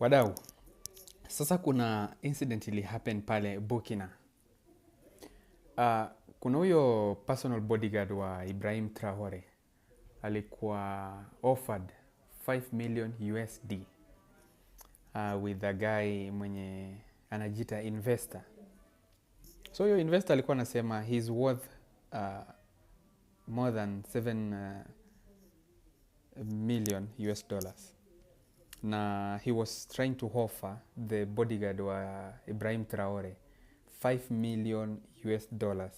Wadau, sasa kuna incident ili happen pale bukina Uh, ah, kuna huyo personal bodyguard wa Ibrahim trahore alikuwa offered 5 million USD uh, ah, with a guy mwenye anajita investor. So huyo investor alikuwa anasema he's worth uh, more than 7 uh, million US dollars na he was trying to offer the bodyguard wa Ibrahim Traore 5 million US dollars.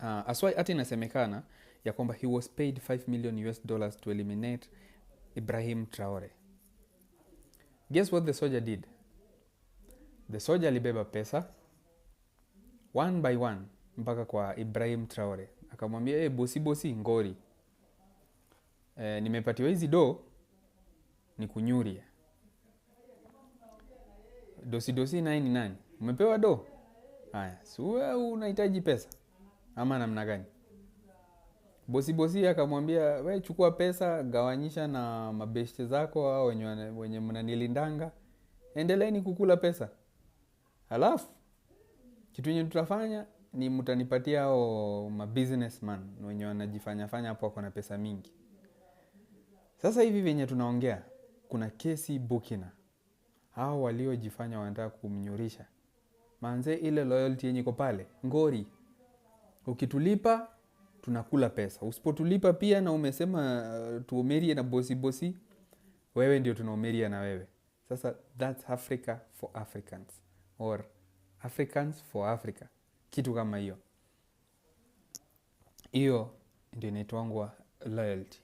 Uh, ah, aswai hata inasemekana ya kwamba he was paid 5 million US dollars to eliminate Ibrahim Traore. Guess what the soldier did? The soldier alibeba pesa one by one mpaka kwa Ibrahim Traore, akamwambia hey, eh, bosi bosi ngori, eh, nimepatiwa hizi doo kunyuria Dosi dosi naye ni nani? Umepewa do? Haya, si wewe unahitaji pesa ama namna gani? Bosi bosi akamwambia we, chukua pesa gawanyisha na mabeshte zako a wenye, wenye mnanilindanga, endeleeni kukula pesa, alafu kitu yenye tutafanya ni mtanipatia hao mabusinessman wenye wanajifanyafanya hapo wako na pesa mingi. Sasa hivi venye tunaongea kuna kesi bukina hao waliojifanya wanataka kumnyurisha manze, ile loyalty yenye iko pale ngori, ukitulipa tunakula pesa, usipotulipa pia na umesema uh, tuomerie na bosi bosi, wewe ndio tunaomeria na wewe sasa. That's Africa for Africans or Africans for Africa, kitu kama hiyo. Hiyo ndio inaitwangwa loyalty.